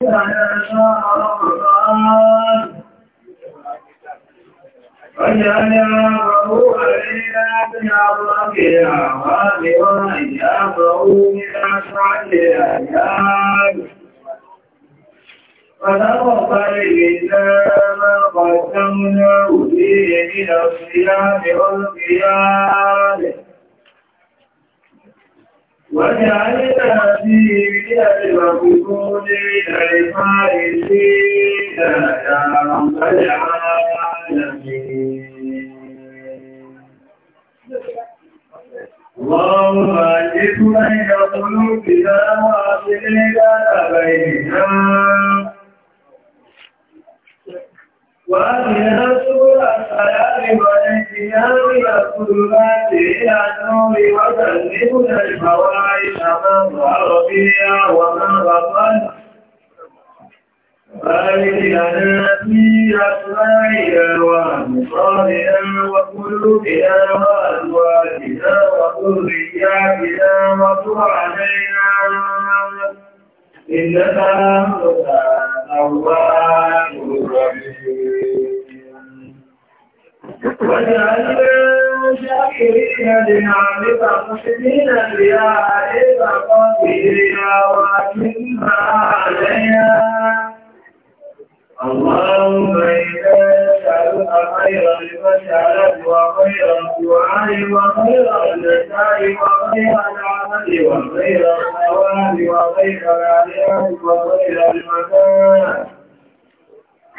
فاجعل عبره علينا بعرقها غامرا يعبره من أشعتها ياد فنرق الإسلام قسمناه فيه من الصيام والقيام وجعلنا فيه المفقود من الفارسين يا رب العالمين اللهم أجب بين قلوبنا واصل لنا بيننا وأهدنا سبل السلام والانتهام إلى الظلمات إلى النور وسلمنا الفواحش من ظهر بها ومن بطن بارك لنا في أسماعنا وأبصارنا وقلوبنا وأزواجنا وذرياتنا وتب علينا إنما هو الله وجعلنا شاكرين لنعمك محسنين بها عائلة قادرين وأكرمها عليها اللهم إنا نسألك خير المسألة وخير الدعاء وخير النساء وخير العمل وخير الثواب وخير العليم وخير المكان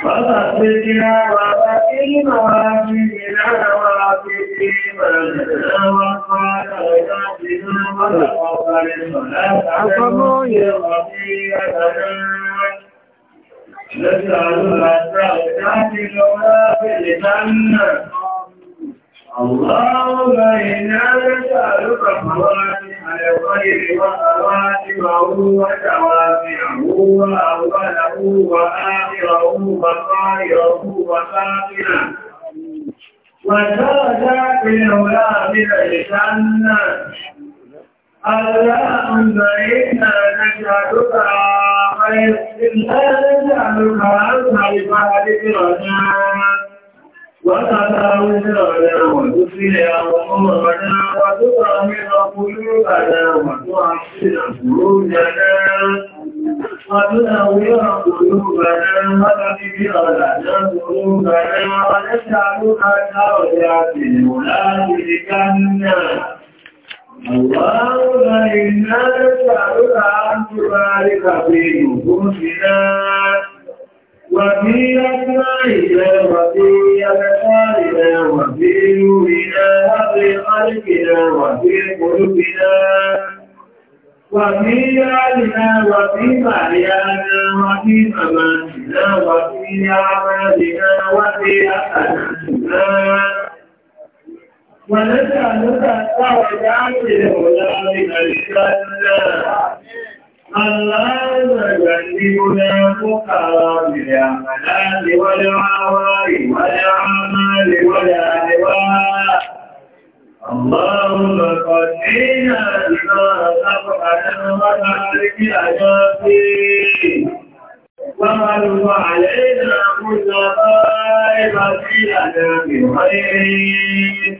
فتصدقنا وفقنا وافقنا وافقنا وقال وتعطينا وتوفر الصلاة على الرسول وفي نسأل الأسرة لنا في الجنة اللهم إنا نسألك فواتح الخير وخواتمه وتوابعه وأوله وآخره وطائره وخاتمه وزاد في الجنة اللهم إنا نسألك خير إلا نجعلك أسعى لفعلك رجاء وتتاوزرنا وتسلع أمرنا وتطمئن قلوبنا وتعصر فروجنا وتنور قلوبنا وتكبر لنا ذنوبنا ونسألك درجات أولادك الجنة اللهم إنا نسألك أن تبارك في نفوسنا وفي أسمائنا وفي أبصارنا وفي نورنا وفي خلقنا وفي قلوبنا وفي أهلنا وفي مريانا وفي مماتنا وفي أعمالنا وفي أسناننا ونسألك التوجع لأولئك الجنة الله يجنبنا فقراء الأملاك والعوائي والأعمال والأهواء اللهم قدنا بما رزقنا وتحرك أجابي وقلب علينا كل طائفة لنا بخير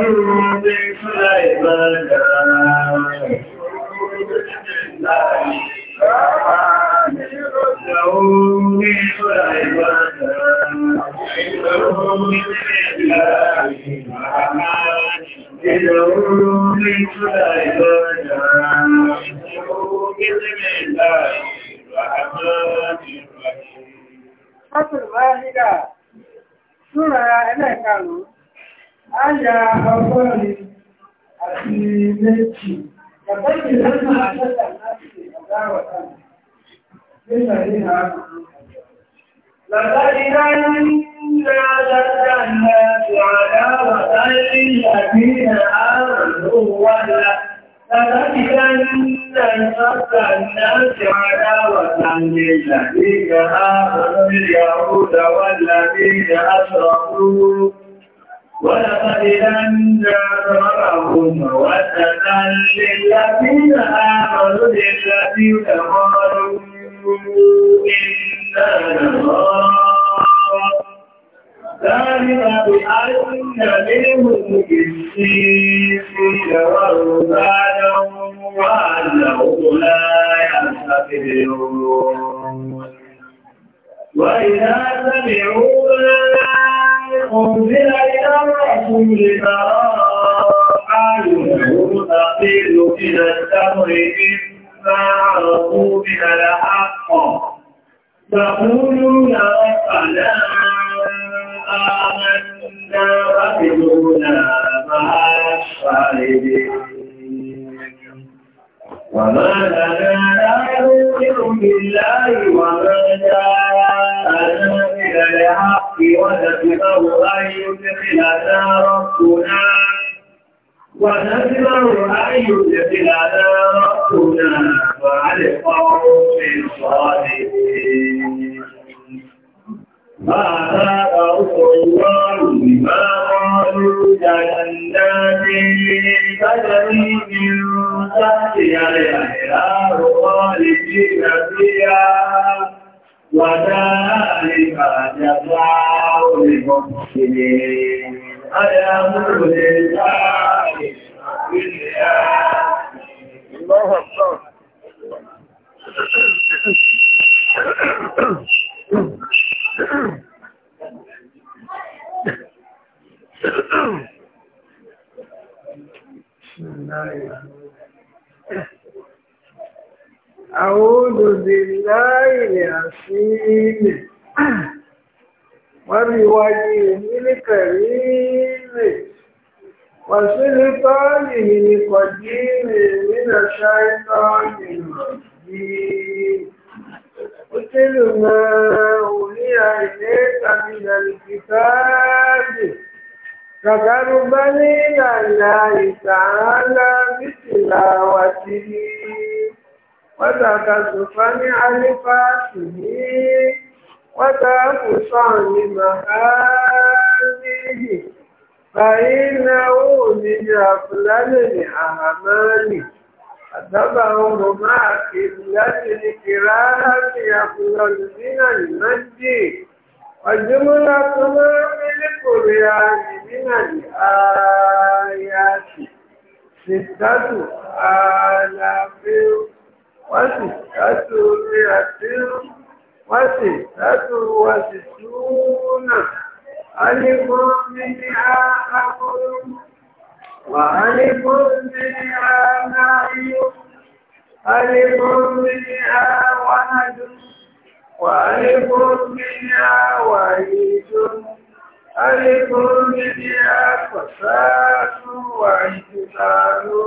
ونسمع أن يدخلنا ربنا ونسمع أن يدخلنا ربنا مع القوم الصالحين ماذا أرض الله بما قالوا جنات تجري من تحتها الأنهار خالدين فيها Yeah. أعوذ بالله العظيم وبوجهه الكريم وسلطانه القديم من الشيطان الرجيم قتل ما أولي إليك من الكتاب كقربني إلى الله تعالى بتلاوته Wọ́tàkà sùfà ní alífáàsì ní wọ́tàkù sàn ní màhálìhì. Fàyínà ó ní àfúlálẹ̀ ní àhàmánì. Àdábà ọmọ máa kìí láti ní kìrá láti àfúlọ́lù nínà ní Májì. Ọ̀jọ́mọ́lá tó máa ń mílé kòrè ààrẹ nínà ní ààyà sí. Sìtátù àlàáfíà wọ́n sì dájú orí àti wọ́n sì dájú wọ́n sì túnà alẹ́gbọ́n mi ní àkọ́kọ́ wà alẹ́gbọ́n mi ní àgbáyé alẹ́gbọ́n mi ní àwájú wà alẹ́gbọ́n mi ní àwàyé jọ alẹ́gbọ́n mi ní àkọ́sáàtú wà ìtìlárò.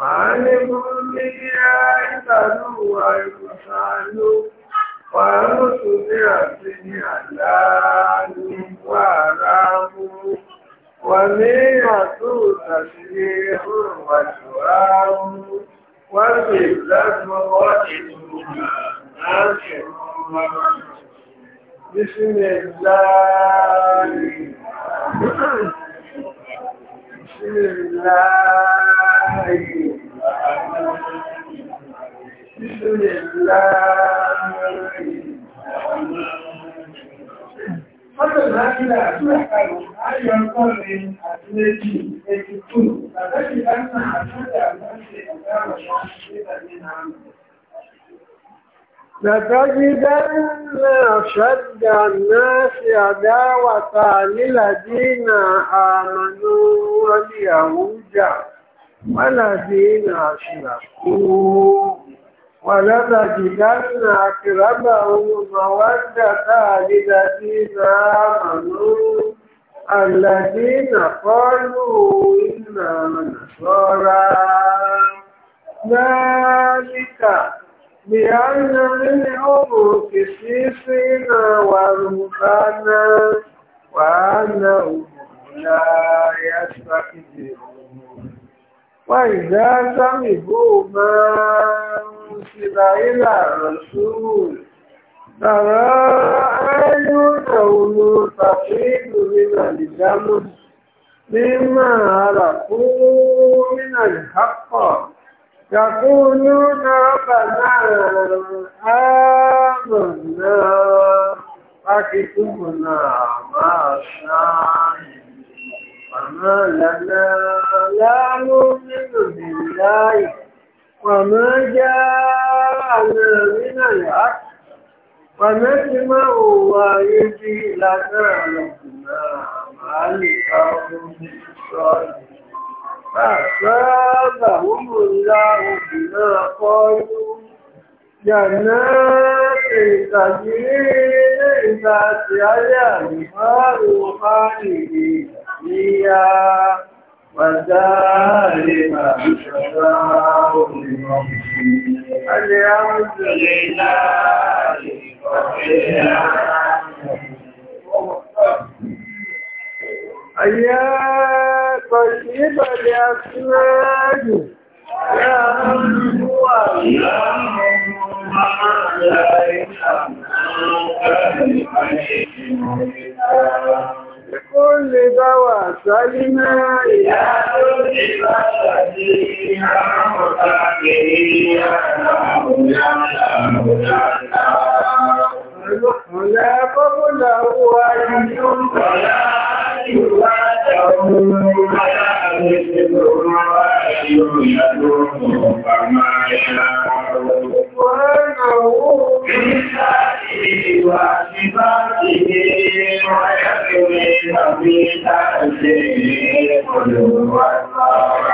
وعلم بالله بنو المسعد ومسمعة حلال وعرام ومية تشريح وشرام وذلة وإنما ناشر بسم الله Ọjọ́ ìrìnàjílẹ̀ àti ẹ̀kàrùn-ún, ayọ̀ ọkọ̀rin àti méjì, ètùtù, àbẹ́jì láti àjọ́jà àti àjọ́jà àjọ́jà àjọ́jà لتجدن أشد الناس عداوة للذين آمنوا واليهود والذين أشركوا ولتجدن أقربهم مودة للذين آمنوا الذين قالوا إنا نصارى ذلك لأن منهم كسيسين ورهبانا وأنهم لا يستكبرون وإذا سمعوا ما أنزل إلى الرسول ترى أعينهم تفيض من الدم مما عرفوا من الحق يقولون ربنا آمنا فاكتبنا مع الشاهدين وما لنا لا نؤمن بالله وما جاءنا من الحق ونسمع ويجي لنا ربنا مع القوم الصالحين فأصابهم الله بما قالوا جنات تجري من تحتها الأنهار خالدين فيها وذلك جزاء المحسنين الحمد لله رب العالمين يا طيب الأسماء يا هو يا لكل دواء سلمى يا طيب الذين متكئين يا رب يا رب يا رب Ọ̀lá kọ́kúnlá owó ayé tó ń bọ̀ láàárín ìwà àjọ̀ ohun ayá àwọn ìṣẹ̀lẹ̀ ọmọ ayé ìrìnàjò ọmọ àmà ẹ̀yà Wọ́n náà wó kí ní sáà ìwà ìbá ìgbé ọ̀yá kẹwẹ́ tàbí láàárín ìrìnàjò ọmọ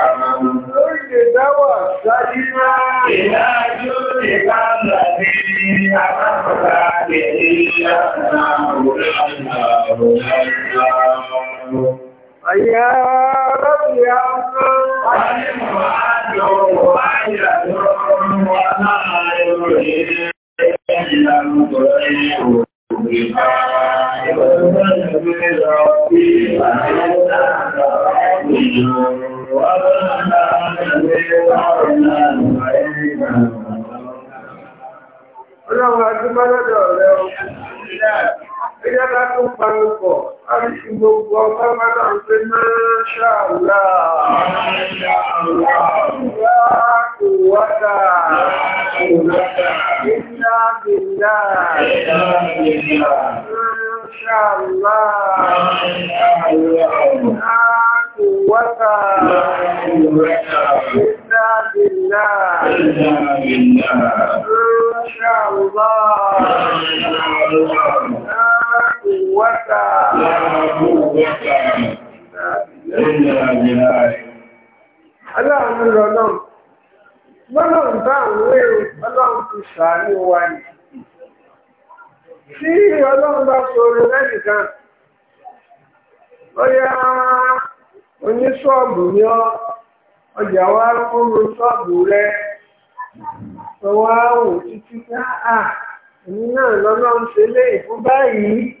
àmà. Lórí ìdáwà sáyé náà. Ìdájọ́ ìkáàlà ní àbábọ̀dá. Àyà rọ́bì àwọn ọmọ àjọ wà yà lọ́rùn wà láàrin rẹ̀ ìlànà ìrọ̀ ìgbà ìrọ̀lẹ́ lọ sí àjẹ́ta ìrọ̀ wà láàrin rẹ̀ ọlọ́run adúgbọ́lọ́dọ̀ rẹ̀ ọ̀pọ̀ ìjọba tó parúkọ̀ àríṣì gbogbo ọmọ mẹ́ta ń pè ní ṣàlá ìyá òwádà ìyá bìlá ṣàlá ìyá òwádà ìyá bìlá ṣàlá ìyá òwádà. قوة إلا بالله Ọlọ́run lọ náà, Ọlọ́run bá àwọn èrò Ọlọ́run ti ṣàánú wa Tí Ọlọ́run bá sọ̀rọ̀ lẹ́nìkan, ọjà wá títí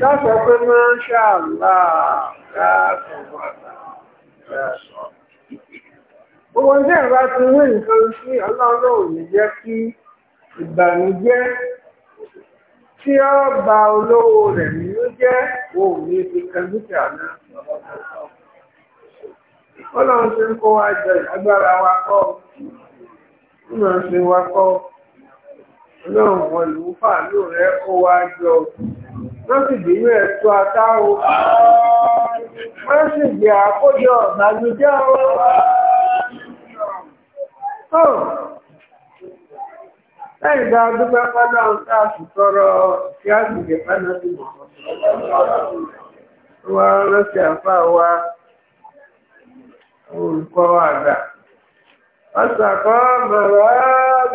Dákọ̀ pé máa ń ṣàlá Gbogbo ń ìbá ti rí nǹkan sí ọlọ́rọ̀ ò jẹ́ kí ìbànújẹ́ tí ó ba olówó rẹ̀ nínú jẹ́ òun náà. Ọlọ́run ti ń kó wa jẹ agbára náà wọn lù ú ní rẹ̀ ó wá jọ wọ́n sì bínú ẹ̀tọ́ atáwo wọ́n sì gbé àkójọ ọ̀gbàgbéjọ́ ó lẹ́yìn bá dúpẹ́ pẹ́lú àwọn tá a sì tọrọ tí a pẹ́lú sí àfà olùkọ́ àgbà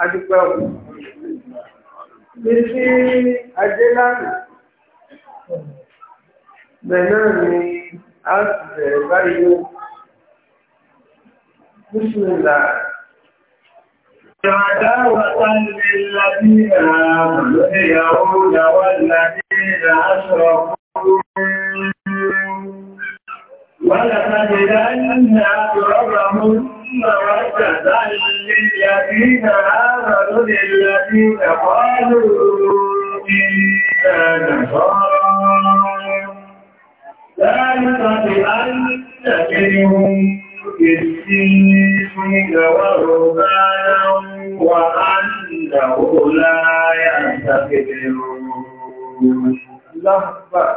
Adúpẹ́ ọ̀pọ̀. Ní sí ajé lánàá, bẹ̀rẹ̀ náà ni a ti bẹ̀rẹ̀ báyìí ó. Bísmìlá. عداوة للذين آمنوا يهود والذين أشركوا ولتجدن أقربهم مودة للذين آمنوا للذين قالوا إنا نصارى ذلك بأن منهم بالسنين والربانا وأنه لا يستكبرون الله أكبر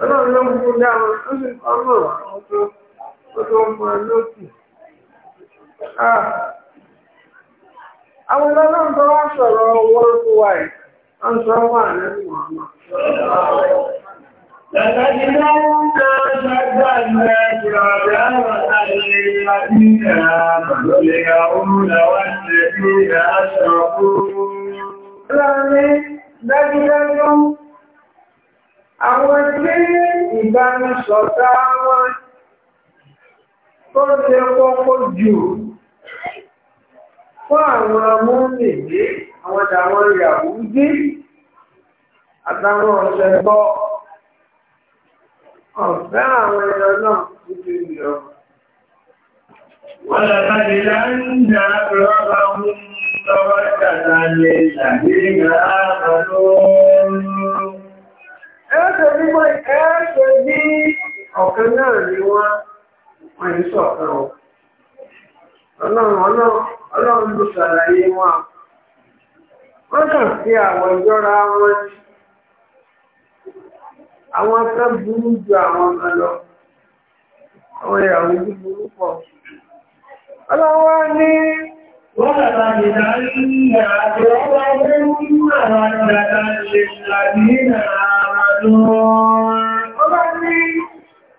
ọlọ́run ló ń mú dáhùn ó sì kọ́ mọ̀ àwọn ọlọ́run tó wá sọ̀rọ̀ wọ́n wọ́n sọ wà lẹ́nu wọn mọ́. لتجدن أشد الناس عداوة àwọn ilé ìbánisọ̀tà wọn tó ṣe kókó jù fún àwọn amúnìdé àwọn ìdàwọn ìyàwó dé àtàwọn ọ̀sẹ̀ bọ́ ọ̀fẹ́ àwọn ẹran náà nítorí ìlọ. Wọ́n lọ́pàá di láńdà rọ́bà mú lọ́wọ́ tàbí ìlàgbé ìgbà àbálòó ẹ̀ẹ́sẹ̀ mímọ́ ẹ̀ẹ́sẹ̀ ní ọ̀kan náà ni wọ́n wọ́n ń sọ ọ̀kan o ọlọ́run ọlọ́run ló ṣàlàyé wọn wọ́n kàn sí àwọn ìjọra wọn àwọn kan burú ju àwọn kan lọ àwọn ìyàwó ojú burú pọ̀ ọlọ́wọ́ ní Wọ́n bàbá ìdárí ní àjọ́ ọgbà ọgbẹ́ ń mú àwọn àjọ́ àjọ́ àjọ́ àjọ́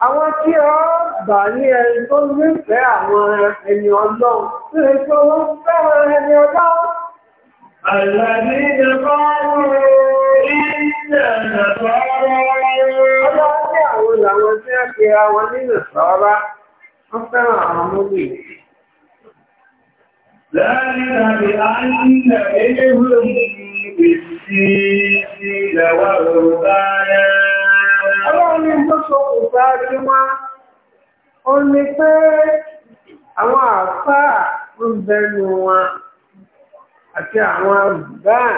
Àwọn tí ọ bà ní ẹni tó nífẹ́ àwọn ẹni ọlọ́run tí ó tó wọ́n fẹ́ràn ẹni ọlọ́run. Àlàbí ìjọba ọ̀rọ̀ ìjọba ọ̀rọ̀ ذلك ni إلهم بالسيسيل والربانا Ọlọ́run tó sọ òfà rí wá, ó ní pé àwọn àfáà ń bẹnu wọn àti àwọn àgbáà,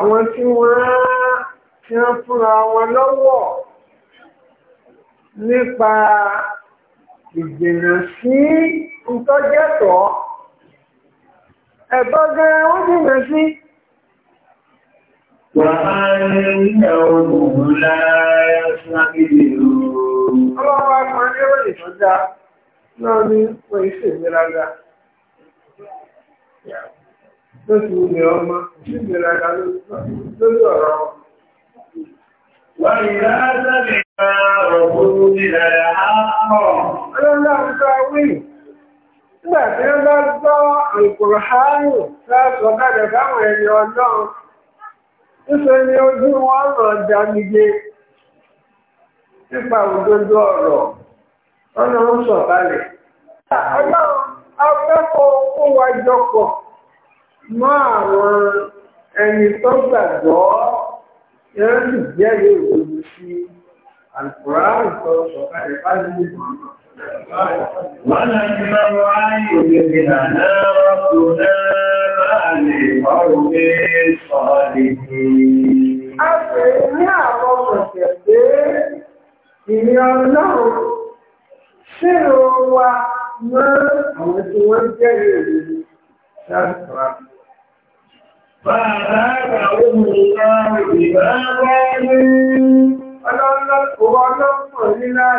àwọn tí wọ́n tí wọ́n fúnra wọn lọ́wọ́ nípa ìgbìnà sí ìtọ́jẹ́tọ̀ọ́ ẹ̀tọ́ gan wọ́n jìnà sí wà á ní ilẹ̀ ogun láàá sáàkìdì ọlọ́wọ́ apọ̀ ní ìròyìn tó dá náà ní wọ́n ìṣẹ́ ìgbéraga ló ti wùlẹ̀ ọmọ sí ìgbéraga lórí ọ̀rọ̀ wà ìrà sáàkìdì ọ̀rọ̀ nígbà tí wọ́n bá gbọ́ àlùkùránì láàṣọ kalẹ̀ fáwọn ẹni ọlọ́run níṣẹ́ ni ojú wọn ràn dámigé nípa òdodo ọ̀rọ̀ ọ̀nà ń sọ̀kalẹ̀. ọlọ́run akẹ́kọ̀ọ́ kó wa jọpọ̀ mọ́ àwọn ẹni tó gbàgbọ́ yẹn sì jẹ́rìí òdodo sí àlùkùránì tó sọ̀kalẹ̀ ونجمع علينا نارتنا مع القوم الصالحين أسمع ومسكين إلى الله سروا ما متوجهين شكرا فأذاقهم الله بما قالوا فلولا قوة الله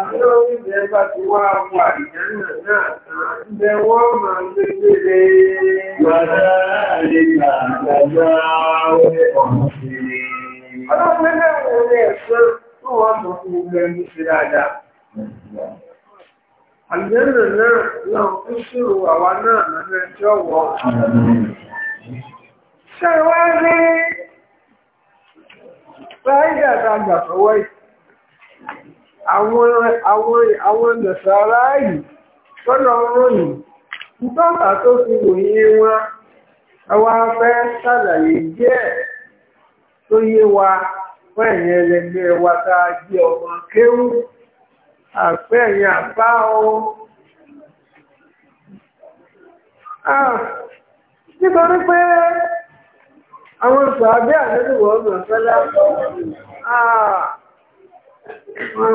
lórí wá ní báyìí àtàgbà tó wọ́ àwọn àwọn àwọn nàṣàrá yìí sọ́dọ̀ ọ̀rọ̀ tó fi wòye wọn àwa fẹ́ ṣàlàyé jẹ́ tó yé wa fún ẹ̀yìn ẹlẹgbẹ́ wa ọmọ kéwú àpẹ́ ẹ̀yìn àbá ọ. nítorí pé àwọn sàbẹ́ àdéhùn àwọn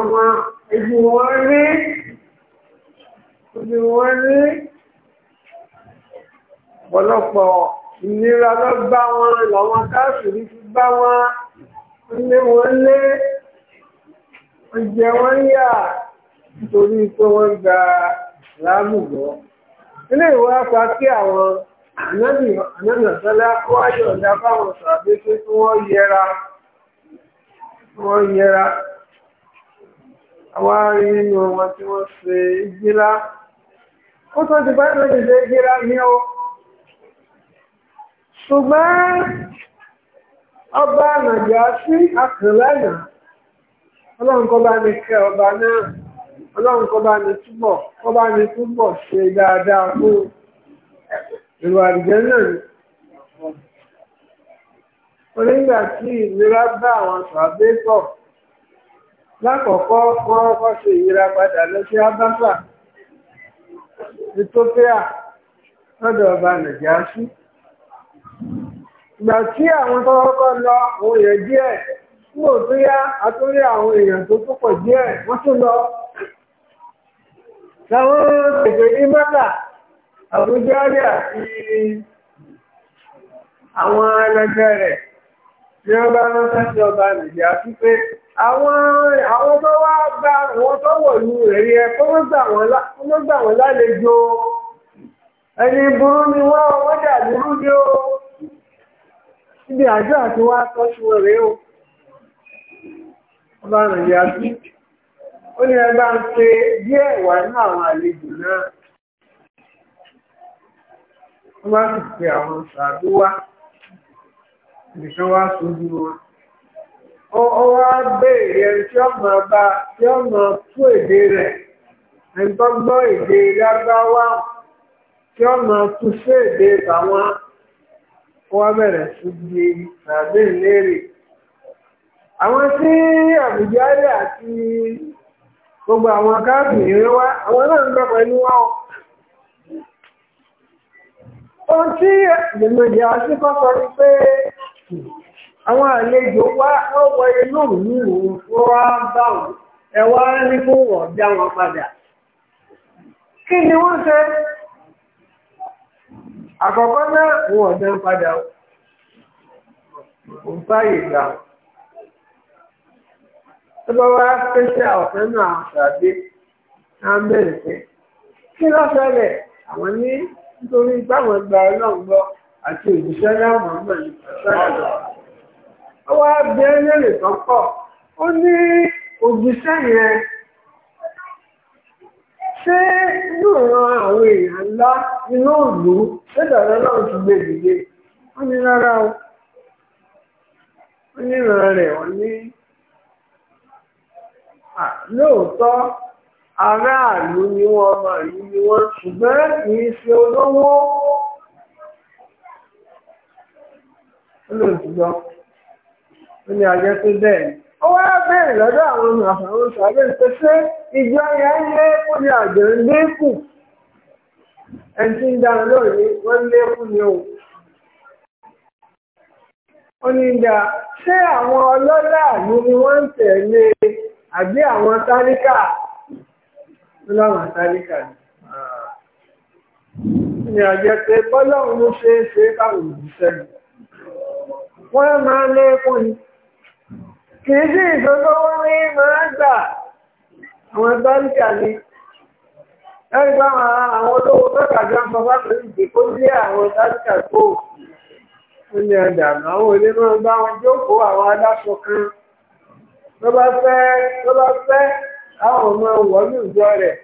ọ̀pọ̀lọpọ̀ ìnira lọ bá wọn làwọn káàkiri ti bá wọn lé wọn lé ọjẹ́ wọn yà nítorí pé wọ́n gba láàmùgbọ́ ilé ìwé apá kí àwọn ànánàtọ́lá wáyọ̀ ọ̀dá àwa rí nínú wọn tí wọ́n ṣe gílá ó tó ti bá tó ti ṣe gílá ní o ṣùgbọ́n ọba nàìjíríà sí àkànlẹ́nà ọlọ́run kọ́ bá ní kẹ́ ọba náà ọlọ́run ní túbọ̀ kọ́ ní túbọ̀ ṣe dáadáa fún ìlú àdìjẹ́ náà ni onígbà tí ìlera bá àwọn sàbẹ́tọ̀ lákọ̀ọ́kọ́ wọ́n kọ́kọ́ ṣe ìyíra padà lọ sí abáfà ethiopia lọ́dọ̀ ọba nàìjíríà ìgbà tí àwọn tó kọ́kọ́ lọ òun yẹn díẹ̀ nígbà tó yá àtúrí àwọn èèyàn tó púpọ̀ díẹ̀ wọ́n tún lọ láwọn èdè àbújá àti àwọn ẹlẹgbẹ́ rẹ̀ ní wọ́n bá ọba nìyà sí pé àwọn àwọn tó wá gba àwọn tó wọ̀ ìlú rẹ̀ yẹ kó gbà lálejò ẹni burú ni wọ́n wọ́n dà burú o Ibi àjọ àti wá tọ́sí o ọba sí ó ní ń pe ní àwọn àlejò náà wọ́n bá sì àwọn nìkan wá sojú wọn ó wá béèrè ẹni tí ó mọ̀ bá tí ó mọ̀ tú èdè rẹ̀ ẹni tó gbọ́ èdè lágbáwá tí ó mọ̀ tú sí èdè tàwọn ó wá bẹ̀rẹ̀ sí di tàbí ìlérè àwọn tí àbújá rẹ̀ àti gbogbo àwọn káàkiri wá àwọn náà ń gbọ́ pẹ̀lú wọn ohun tí ìgbìmọ̀ ìyá sí kọ́kọ́ ni pé àwọn àlejò wá ọwọ́ inú mi ò rọ́ bá ẹwà ẹ wá ní kó wọ̀ já wọn padà kí ni wọ́n ṣe àkọ́kọ́ náà wọ́n ọ̀dá padà ò ń gbà bá náà pé kí àwọn ní nítorí báwọn ọlọ́run gbọ́ àti òjíṣẹ́ láwọn ọmọ ìpàṣẹ́lẹ̀. Ó wá bí ẹlẹ́rìí ní òjíṣẹ́ yẹn ṣé yóò àwọn èèyàn ńlá inú òlú lẹ́dàá náà ti gbé dìde. Wọ́n ní rárá o. Wọ́n ní ìran rẹ̀ wọ́n ní lóòótọ́ aráàlú ni wọ́n ó lò ó gbọ́ ó ní ajẹ́ tó bẹ́ẹ̀ ni. ó wá bèèrè lọ́dọ̀ àwọn àfàwọn sàbẹ̀ pé ṣé ìjọ yẹn ń lékún ní àjọ ń lékún ẹni tí ń dáhùn lóòrè wọ́n lékún ni o. ó ní ìjà ṣé àwọn ọlọ́lá àlú ni wọ́n ń tẹ̀lé àbí àwọn táríkà láwọn táríkà ni ní àjẹ́ pé bọ́lọ́run ló ṣeé ṣe káwọn òbí sẹ́yìn. wọ́n máa lékún ni kìí sí ìṣòro wọn ní máa gbà àwọn báńkà ni ẹgbẹ́ àwọn olówó bẹ́ẹ̀ àjọ ń fọwọ́ pẹ̀lú ìdìbò àwọn báńkà kó ó ní àdàmú àwọn olè máa bá wọn àwọn adáṣọ kan tó bá fẹ́ tó bá fẹ́ àwọn ọmọ ìjọ rẹ̀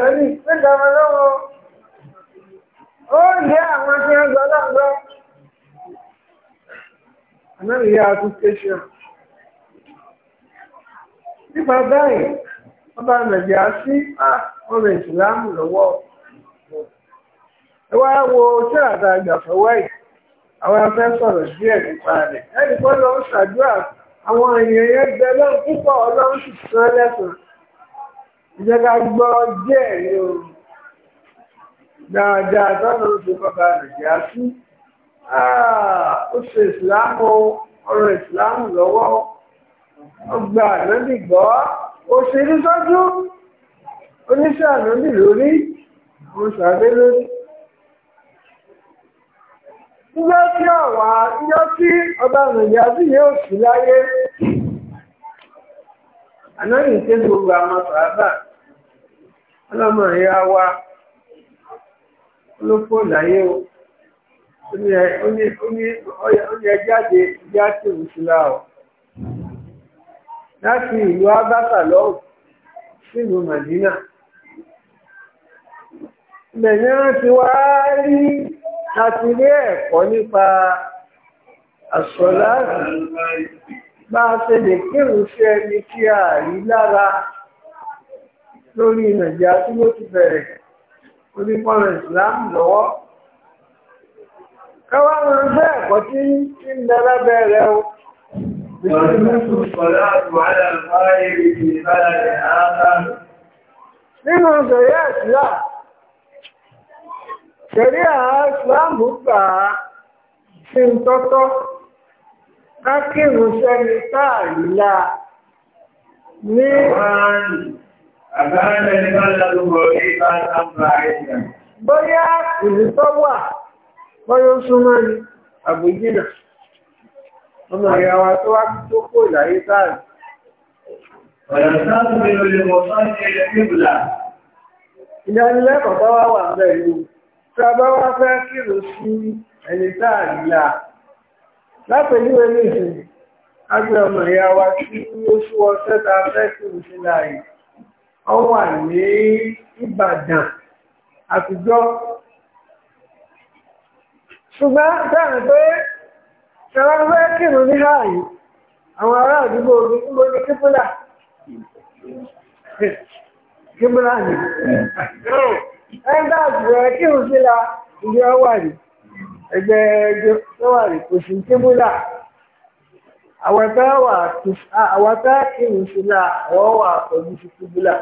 ó lé ó àwọn tí a tún tẹ́ṣọ̀. Nípa báyìí, wọ́n bá Nàìjíríà sí ọmọ ìsìlámù lọ́wọ́. Ẹ wá wo tíráta àgbàfọwọ́ yìí, àwọn afẹ́ sọ̀rọ̀ díẹ̀ nípa rẹ̀. lọ ń ṣàdúrà àwọn èèyàn yẹn dáadáa tọ́nà oṣù bàbá nàìjíríà sí ó ṣe ah, ìsìláàmù ọ̀rọ̀ ìsìláàmù lọ́wọ́ ọgbà ànábì gbọ́ ó ṣe ní sọ́jú oníṣẹ́ ànábì lórí mo ṣàgbé lórí. nígbà tí ọ̀wà níjọ́ tí ọba nàìjíríà sì yóò sí láyé ànábì ń ké gbogbo àwọn sàábà ọlọ́mọ ìyá wa ló pò láyé o ó ní ẹ jáde já sí òṣùlá o láti ìlú abáta lọ́wọ́ sílùú Màdínà ibẹ̀ ni wọ́n ti wá rí láti rí ẹ̀kọ́ nípa àṣọlá bá a ṣe lè kírun sí ẹni tí a rí lára lórí Nàìjíríà tí ti bẹ̀rẹ̀ onípọ̀lọ̀ ìsìláàmù lọ́wọ́ káwà wọn fẹ́ ẹ̀kọ́ tí ń dára bẹ̀rẹ̀ o nínú ṣẹ̀yẹ́ ìsìlá ṣẹ̀rí àásìláàmù gbà á sí ń tọ́tọ́ kákìrù sẹ́ni táàrí láà ní àárín Bóyá ìrìtọ́ wà, bóyá ó súnmọ́ ni, àbújínà, ọmọ ìyá wa tó wá tó kò ìlàyé sáàrì. Ìdánilẹ́kọ̀ọ́ bá wà wà pẹ̀lú, tí a bá wá fẹ́ kírò sí ẹni sáàrì là. Lápẹ̀lú ẹni ìsìn, a gbé ọmọ ìyá wa sí oṣù ọ̀sẹ́ta fẹ́ kírò sí láàrín ọ wà ní Ìbàdàn àtijọ́ ṣùgbọ́n bẹ́ẹ̀ pé ṣẹlá fẹ́ kìrù ní ààyè àwọn ará àdúgbò gbogbo ní kíbùlà kíbùlà ní ẹgbẹ́ àtìrẹ kìrù síla ìgbẹ́ wà ní ẹgbẹ́ ẹgbẹ́ wà ní kò sí kíbùlà àwọn ẹgbẹ́ wà kìrù síla àwọn pẹ̀lú sí kíbùlà.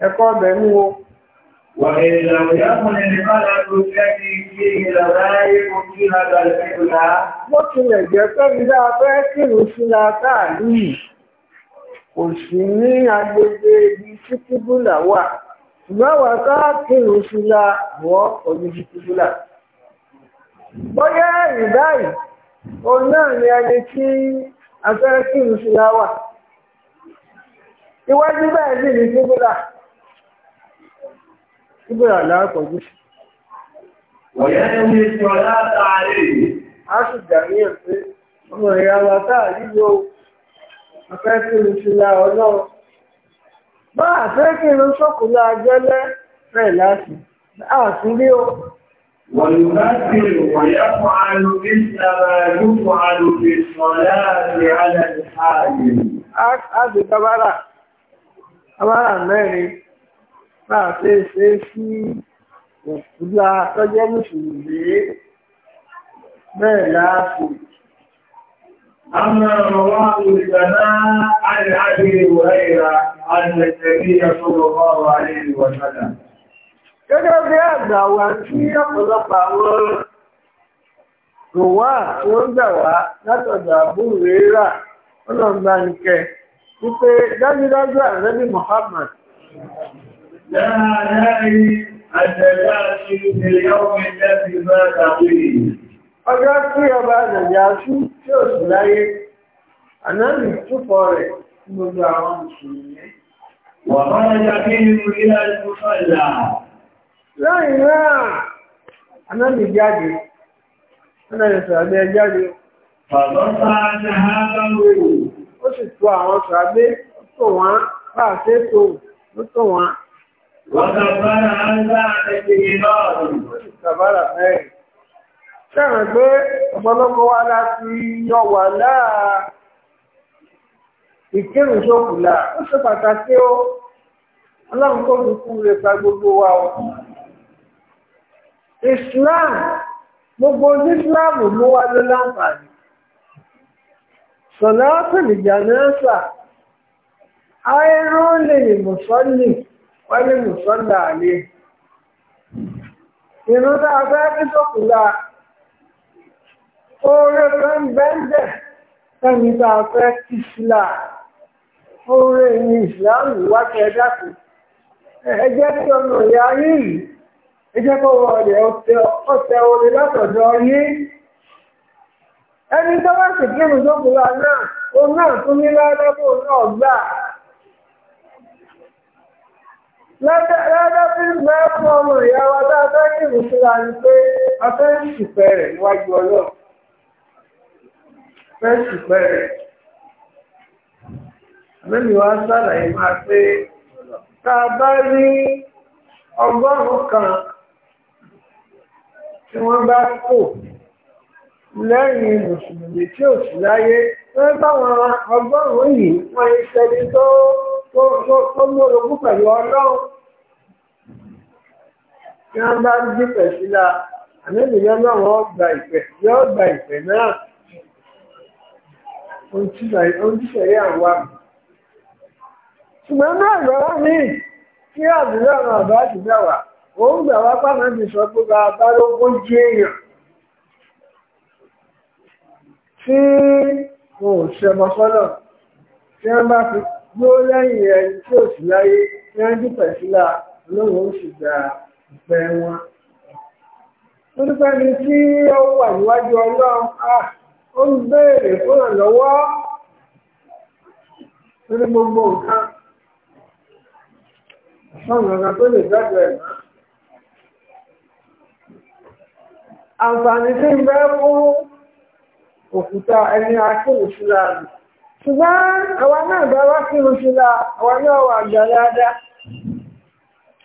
ẹ̀kọ́ ọbẹ̀ mú o. Wàhálà ìyáfúnni nípàdà tó fẹ́ ní ìlànà ayé kí lára ìpínlẹ̀. káàlú yìí, kò sí ní agbègbè ibi tí wà. Ṣùgbọ́n wà ká kírun wọ́ náà ni wà. Iwájú bẹ́ẹ̀ síbẹ̀ àlàápọ̀jú. Ọ̀yẹ́ ní ti ọ̀lá àtàrí. A sì dàníyàn pé ọmọ ìyá wa táà yíyó afẹ́ kí ni ti fún àti bá a ṣe ṣe sí òkúta tọ́jọ́ mùsùlùmí bẹ́ẹ̀ láàpù. gẹ́gẹ́ bí tí ọ̀pọ̀lọpọ̀ àwọn rọ̀wà wọ́n gbà wá látọ̀dọ̀ wípé dájúdájú àrẹ́bí Muhammad لا داعي التجاشي ọjọ́ tí ọba nàìjíríà tún tí ó sì láyé ànáàlì túfọ̀ rẹ̀ gbogbo àwọn wà máa kí ìlà jáde jáde bàbá ó sì tó àwọn tó wọ́n bá tó tó wọ́n Wọ́kàbára ń dáadẹ́ ti ìlọ́rùn. Wọ́kàbára mẹ́rin. Ṣẹ́rẹ̀ pé ọ̀pọ̀lọpọ̀ wá láti yọ wà láàá ìkírùn ṣókùlá. Ó ṣe pàtàkì ó, ọlọ́run tó fi kú rẹ̀ pa gbogbo wa ọ. Islam, gbogbo Islam ló wá ló láǹfààní. Sọ̀lá pẹ̀lú ìjà náà sà, ayé rán lè mùsọ́lì. wọ́n lè mú sọ́ńdà àlè ìlú tá a fẹ́ kí tó kù dáa oore kan bẹ́ńdẹ̀ sẹ́ni tá a fẹ́ kí sílá oore ni ìsìláàmù wá ẹ jẹ́ ọmọ ìyá yìí látọ̀dọ̀ yìí ẹni tó lọ́dọ́ tí ni pé a fẹ́ ṣùpẹ́ rẹ̀ níwájú ọlọ́run fẹ́ ṣùpẹ́ rẹ̀ mẹ́mi wá sàlàyé máa pé tá a bá rí ọgọ́rùn-ún kan tí wọ́n bá kò lẹ́yìn mùsùlùmí tí ò sí láyé wọ́n báwọn ọgọ́rùn-ún yìí wọ́n ń ṣẹ́ni tó tí wọ́n bá ń dípẹ̀ síla àmẹ́bìyàn náà wọ́n gba ìpẹ̀ yọ́ gba ìpẹ̀ náà ohun tí sẹ̀rí àwọn ṣùgbọ́n náà lọ́wọ́ mi kí àbúrò àwọn àbá ti gbà wá òun gbà wá pàmò ti sọ pé bá a bá lógójì èèyàn tí wọn ò ṣẹbọ sọ́nà tí wọ́n bá fi gbó lẹ́yìn ẹni tí ò sí láyé tí wọ́n dípẹ̀ síla olóhùn ó sì gbà ìfẹ́ wọn. ni tí ó wà níwájú ọlọ́run, ó ń béèrè fún ìrànlọ́wọ́ lórí gbogbo nǹkan. Fọ́nà tó lè gbàgbọ́ ẹ̀ fún òkúta ẹni Ṣùgbọ́n náà bá wá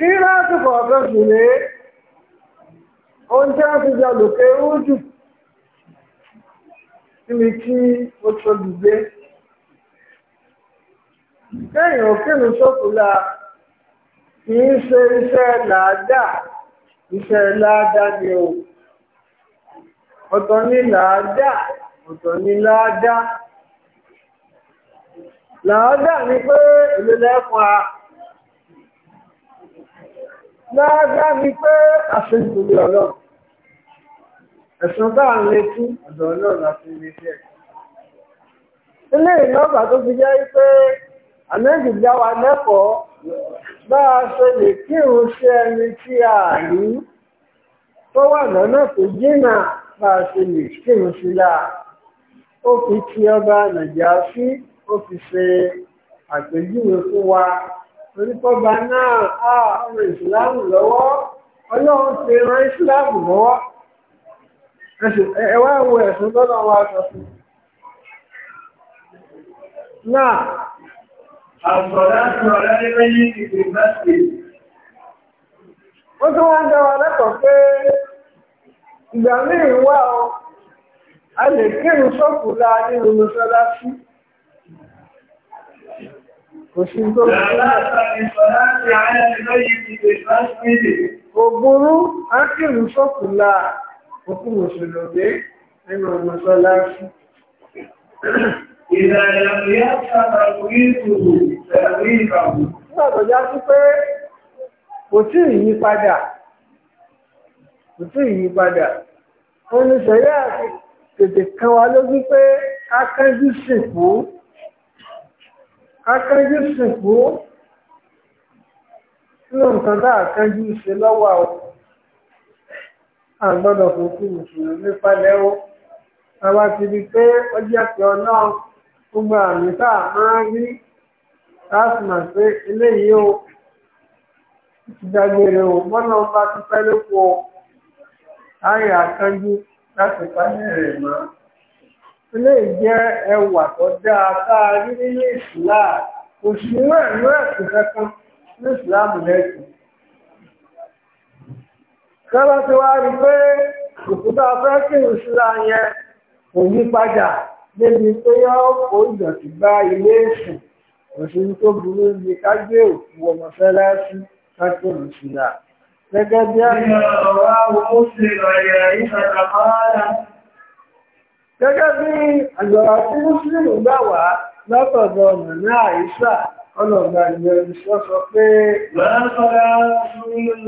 kí láti kọ̀ọ̀kan sì lé oúnjẹ ti jẹ lòkè ojú níbi tí ó tóbi gbé kẹ́yìn òkèlú sókùlà kì í ise iṣẹ́ làádàá iṣẹ́ ni o ni ni ni láàgbá ni pé àṣejù lè ọlọ́run ẹ̀sùn táà ń létí ọ̀dọ̀ ọlọ́run àti iléeṣẹ́ ẹ̀kọ́. ilé ìlọ́gbà tó fi jẹ́ pé àmẹ́jì dá wa lẹ́kọ̀ọ́ bá a ṣe lè kírun sí ẹni tí a rí tó wà lọ́nà tó jìnnà bá a ṣe lè kírun sí láà ó fi ti ọba nàìjíríà sí ó fi ṣe àpèjúwe fún wa orítọ́ba náà á ọmọ ìsìláàmù lọ́wọ́ ọlọ́run ti ran ìsìláàmù lọ́wọ́ ẹwà wo ẹ̀sùn lọ́nà wa sọ fún náà àgbọ̀dá ti ọ̀rẹ́ nígbẹ́ yìí ti fi bá sí ó tún wá ń dáwà lẹ́kọ̀ọ́ pé ìgbà míì wà ó a lè kírun sọ́kùnlá nínú mọ́sálásí Òṣù ákìrù sọ́kùnlá òkú Mùsùlùmí nínú mọ́sálásí. Ìdàyàmìyà sára orí ìtùrù tẹ̀lú ìràwù. Nígbàtọ̀ já sí pé kò tí ìyípadà, kò tí ìyípadà, akájú sìnkú nínú nǹkan tá àkájú ṣe lọ́wọ́ àwọn àgbọ́dọ̀ kò kú mùsùlùmí palẹ̀ ó àwa ti rí pé ó jẹ́ pé ọlọ́run gbogbo àmì tá a máa ń rí láti mà pé eléyìí ó ti dágbére o mọ́nà bá ti pẹ́ lóko ayé àkájú láti palẹ̀ rẹ̀ mọ́ eléyìí jẹ́ ẹwà tó dáa tá a rí nínú islam kò sí inú ẹ̀rú ẹ̀sìn kankan ní islam lẹ́sìn. kọ́lá ti wá rí pé òkúta fẹ́ kí islam yẹn kò yí padà débi pé yọ kó ìdọ̀tí gba ilé ìsìn kò tó burú ní kájú òkú ọmọ fẹ́lẹ́sì kájú òṣìlá. gẹ́gẹ́ bí ọ̀rọ̀ àwọn ó ṣe lọ́yẹ̀ ìṣẹ̀lẹ̀ gẹ́gẹ́ bí àgbàrá tí mùsùlùmí gbà wá látọ̀dọ̀ nàná àìsà ọlọ́gbà ìgbẹ̀rù sọ sọ pé lọ́sọ̀rọ̀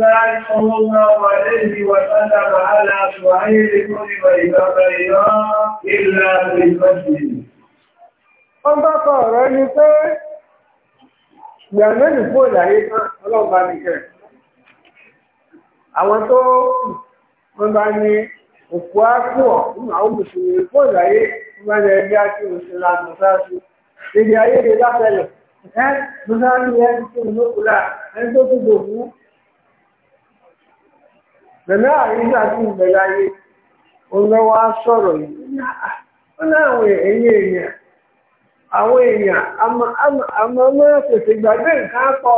láì sọ́wọ́ máa wà lẹ́yìn wà sáńdà wàhálà aṣọ ayé lè kó nípa ìgbàgbà ìyọ́ ìlà ìgbàgbì. wọ́n bá kọ ọlọ́gbà nìkẹ́ àwọn òkú á ọ̀ nínú àwọn mùsùlùmí fún ìlàyé mẹ́rin ẹgbẹ́ àti ayé lè lápẹ̀lẹ̀ ẹ́ mọ́sáàsì yẹn ti tún lókùlá ẹni tó tún fún. bẹ̀rẹ̀ ayé olówó á sọ̀rọ̀ yìí ó láwọn ah, ah, ẹ̀yìn èèyàn àwọn èèyàn àmọ́ máa tètè gbàgbé nǹkan pọ̀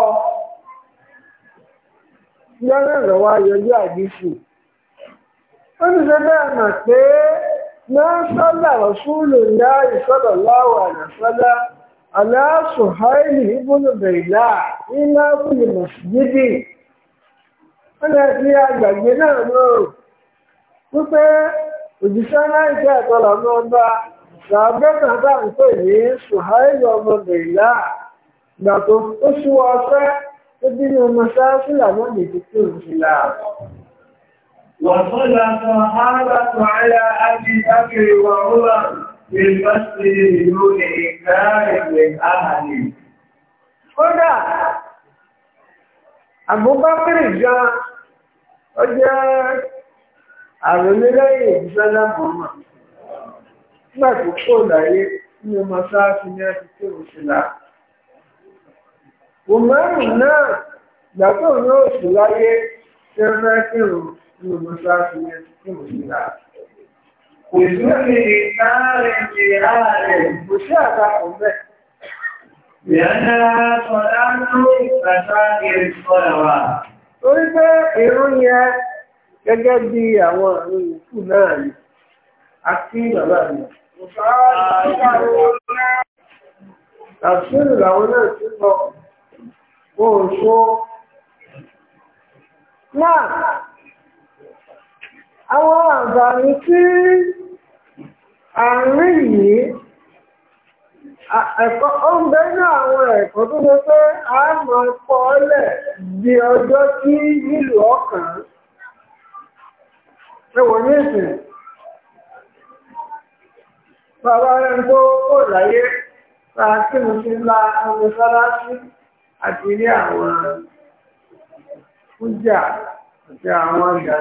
yọ́nà lọ́wọ́ ó sì ṣe bẹ́ẹ̀ mọ̀ pé mẹ́sọ́lá ọ̀ṣúlù ńlá aláṣù haìlì ibùnú bẹ̀rìlá ní lábùlì mọ̀síjídì ó lè fi náà wípé òjíṣẹ́ láìpẹ́ àtọ́lọ̀ náà bá ṣàbẹ́kà bá ń pè ní ṣùháìlì ọmọ ṣúwọ́ ọ̀fẹ́ bí ní ọmọ وخلف صحابة على أبي ó jẹ́ nígbà tó kó láyé nínú ní tí ó náà ìgbà tó ní láyé tí ó ní gbogbo ṣáàṣì yẹn tí mo ṣe rà. Kò sí ní ìtààrẹ̀ ìrààrẹ̀ kò sí àtakò bẹ́ẹ̀. Ìyáná sọ̀dá ló ìgbàta kiri sọ̀rọ̀ wa. Torí pé ìrún yẹn gẹ́gẹ́ bí àwọn àrùn bàbá mi. Tàbí làwọn náà ti lọ, wọ́n ń sọ. Náà, àwọn àǹfààní tí à rí yìí ẹ̀kọ́ ó ń ní àwọn ẹ̀kọ́ tó pé a máa kọ́ ọ́lẹ̀ di ọjọ́ tí nílùú ọkàn ẹwọ̀n ní ìsìn bàbá rẹ̀ tó kò láyé ti la àti ní àwọn fújà àti àwọn àgbà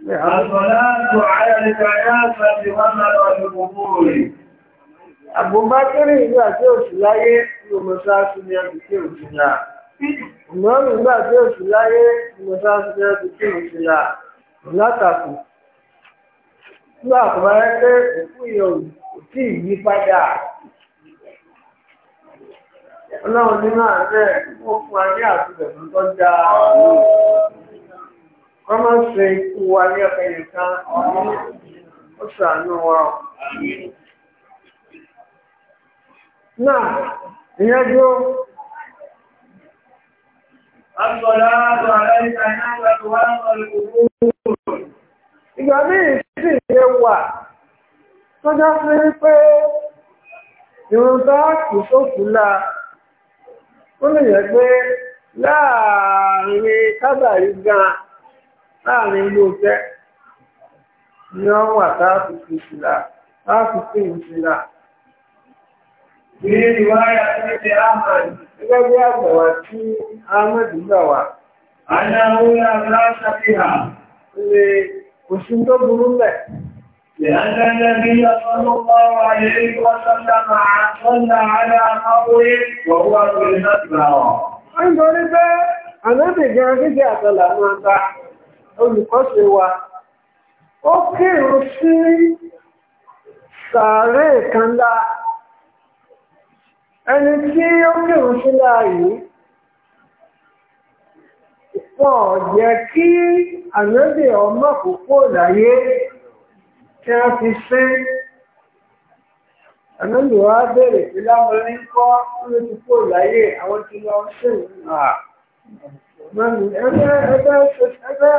Àgbòbákẹ́rì ìgbà tí ó sì láyé ní ọmọsáàsì ní àdìkí òṣìlá. Ìmọ̀rún ìgbà tí ó sì láyé ní ọmọsáàsì ní àdìkí òṣìlá látàkù. Nígbà àkọ́bá rẹ̀ pé òkú ìyọ̀ òtí yí padà. Ọlọ́run nínú àárẹ̀ ó fún wa ní àtúbẹ̀ tó dáa wọ́n máa ń ṣe ikú wa ní ọ̀pẹ nìkan ó ṣàánú wa ọ̀. náà ìyẹn dúró. Ìgbà míì sì ṣe wà tó já sí wípé ìrùn bá kù sókù láà ó lè yẹ pé láàárín kábàrí gan-an láàrin ilé-iṣẹ́ ni wọ́n wà táàfù sí ìṣìlá táàfù sí ìṣìlá. Ìyẹn ni wọ́n yà sí ti Ahmed. Gẹ́gẹ́ bí àgbàwà tí Ahmed gbà wá. Àyà òun àgbà ṣàfihàn. Ilé kò sí tó burú mẹ́. لأن النبي صلى الله عليه وسلم صلى على قبر وهو في المسبرة. عندنا olùkọ́ṣe wa ó kírun sí sàárè kan lá ẹni tí ó kírun sí láàyè wọn ò jẹ́ kí ànábì ọmọ òkú òláyé tí wọ́n fi sí ànábì wa bẹ̀rẹ̀ pé lámọ́lé ń kọ́ ló ti àwọn tí lọ sí ah. ẹgbẹ́ ẹgbẹ́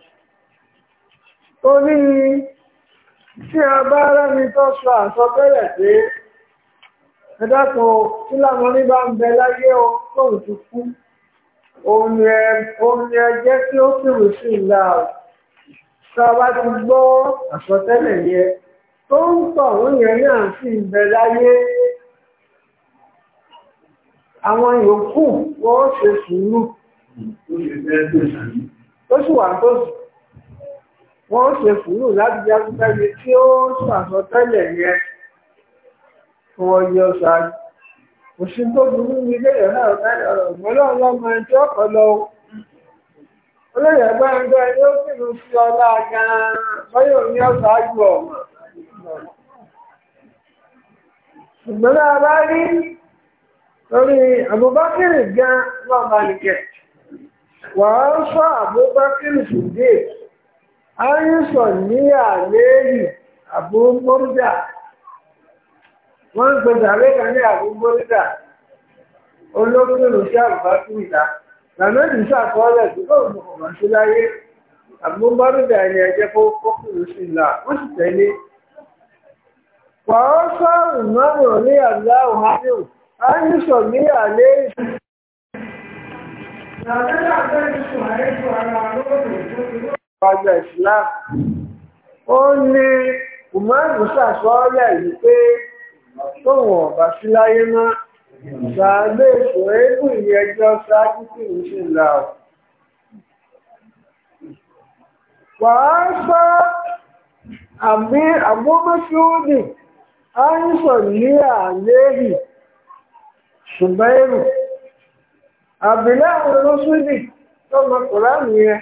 torí tí a bá rẹ́mi tó sọ àsọtẹ́lẹ̀ pé ẹ̀dàkùn tí lámọ́ ní bá ń bẹ láyé o tóun ti kú òun ni ẹjẹ́ tí ó kìrù sí ìlà o tá a bá ti gbọ́ àsọtẹ́lẹ̀ yẹ tó ń tọ̀ àwọn yòókù wọ́n ṣe sùúrù ó sì wà tó sùn wọ́n ṣe fùúrù láti jágúdájú tí ó ṣàsọtẹ́lẹ̀ yẹn fún ọjọ́ ṣáájú òṣì tó burú ní iléyẹ̀ náà tẹ́lẹ̀ ọ̀rọ̀ ìmọ́lọ́run ẹni tí ọkọ̀ lọ olóyè ẹgbẹ́ ẹgbẹ́ ẹni ó kìlú sí ọlá gan-an báyọ̀ ní ọ̀ṣáájú ọ̀mọ̀ ṣùgbọ́n náà bá rí lórí Abubakar gan-an lọ́ọ̀bá nìkẹ́ wàá sọ Abubakar Siddiq an sọ̀níyà léèrì àbú mọ́rídà wọn ń gbé kan ní àbú mọ́rídà olókùnrin sí àbúbákú ìta lànà ní sàkọọ́lẹ̀ tó bá sí láyé àbú mọ́rídà ni ẹjẹ́ kó kọ́kùnrin sí ìlà wọ́n sì tẹ̀lé. wàá sọ̀rọ̀ ní ohio an tó ọjọ́ islam ó ní umaru ṣàṣọ́ọ́lẹ̀ yìí pé tóun ọ̀bá sí láyé mọ́ ṣàgbé ìṣòwébù ìyẹjọ́ ṣáájú kí n ṣe là ó. wàá sọ àbí àgbọ́mọ́síwòdì ṣùgbọ́n èrò àbílẹ̀ àwọn olóṣùdì tó mọ kùránì yẹn.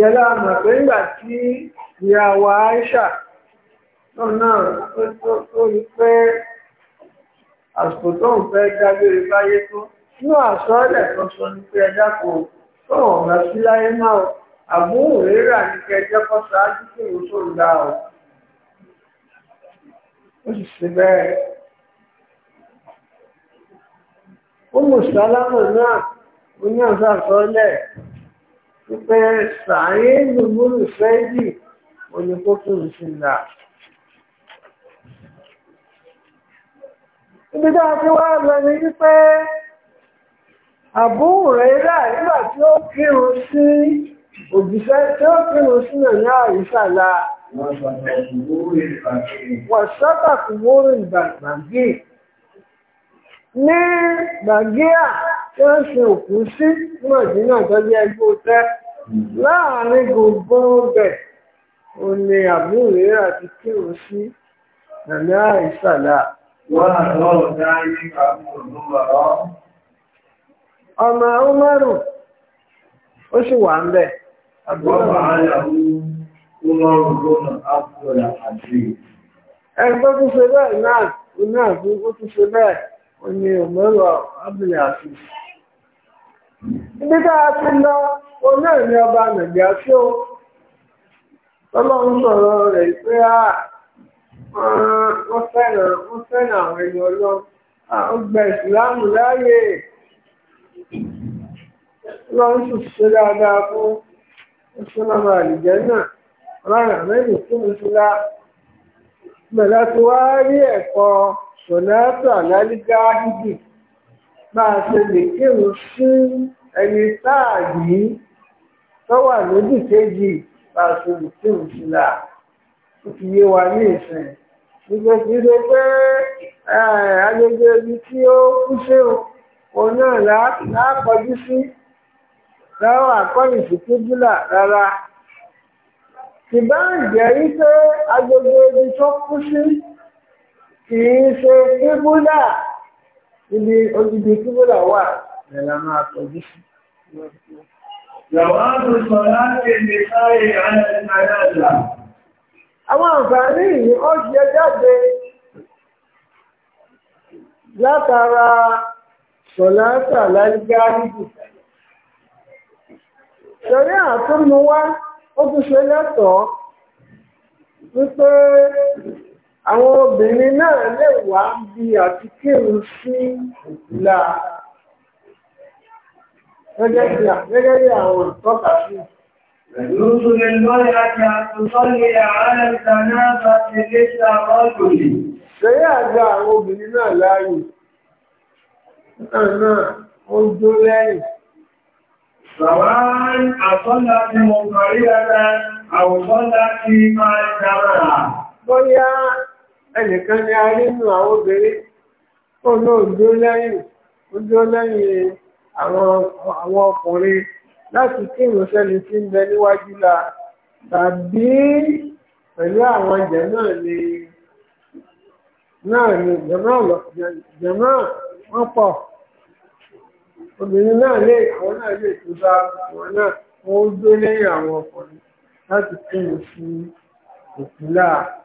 yẹlá àmọ̀ pé nígbà tí ìyàwó Aisha náà ó rí pé àsìkò tó ń fẹ́ dágbére báyé tó inú àsọ́ọ́lẹ̀ kan sọ ní pé ẹjá kò tóun ọ̀gá sí láyé náà àbúrò rírà ní kẹjẹ́ kọ́ ṣáájú kí òun tó ga ọ̀ ó sì ṣe bẹ́ẹ̀. ó mọ̀ náà ó ní àṣà wípé sàáyéèlú múlù fẹ́ẹ́dì oníkókùnrin sí là. ibi tá a ti wá lọ ni wípé àbúrò rẹ̀ rà nígbà tí ó kírun sí òjíṣẹ́ tí ó kírun sí nàní àrísàlá wọ̀sátàkùnmórìn ìgbàgbé. ní gbàgíà tí ó ṣe òkú sí mọ̀dínà tó jẹ́ ẹgbó tẹ́ láàrin gbogbo ọbẹ̀ o ní àbúrò àti kírun sí ẹ̀mí àìsàlà. ọmọ Umaru ó sì wà ń bẹ̀. Ẹgbẹ́ tó ṣe bẹ́ẹ̀ náà, náà tó ṣe bẹ́ẹ̀. ó ní òmòrò abúlé àti ibi tá a ti lọ oní ẹ̀mí ọba nàìjíríà tí ó ọlọ́run sọ̀rọ̀ rẹ̀ pé wọ́n fẹ́ràn wọ́n fẹ́ràn àwọn ẹni ọlọ́run ó gba ìsìláàmù láàyè ọlọ́run sì ṣe dáadáa fún ìṣúná àlìjẹ́ náà ọlọ́run àmẹ́rin fún ìṣúná bẹ̀rẹ̀ tí wá ṣọ̀látọ̀ àlálígá hídì máa ṣe lè kírun sí ẹni táàgì tọ́wà lójú kejì máa ṣe lè kírun sílá ó ti yé wa ní ìsìn gbogbo ìdílé pé agbègbè ibi tí ó kú sí òun náà lákọjú sí láwọn àkọ́yìn sí kíbúlà rárá ṣùgbọ́n ìjẹ́ wípé agbègbè ibi tó kú sí kì í ṣe kíbúlà ibi odidi kíbúlà wà ẹ̀là máa tọ́jú sí. Àwọn àǹfààní yìí ó jẹ jáde látara ṣọ̀láńtà láìgbá níbi. Ṣọ̀rí àtúnmú wá, ó tún ṣe lẹ́tọ̀ọ́ wípé àwọn obìnrin náà lè wá bí àti kírun sí là gẹ́gẹ́ bí àwọn ìtọ́ka sí. يجوز للمرأة أن تصلي على الجنازة مثل الرجل. سيأتي àwọn obìnrin náà láàyè. Náà ó jó lẹ́yìn. Sàwọn àtọ́lá ti mọ̀ kàrí ẹ̀rẹ́ àwòsọ́lá ti máa dára. Bóyá ẹnìkan ni a rí nù àwọn obìnrin tó náà dúró lẹ́yìn ó dúró lẹ́yìn àwọn ọkùnrin láti kí ìránṣẹ́ni tí ń bẹ níwájú la tàbí pẹ̀lú àwọn ẹ̀jẹ̀ náà ni náà ni jẹ̀mọ́ wọ́n pọ̀ obìnrin náà lè àwọn náà lè tó bá wọn náà wọ́n dúró lẹ́yìn àwọn ọkùnrin láti kí ìránṣẹ́ ìpínlẹ̀.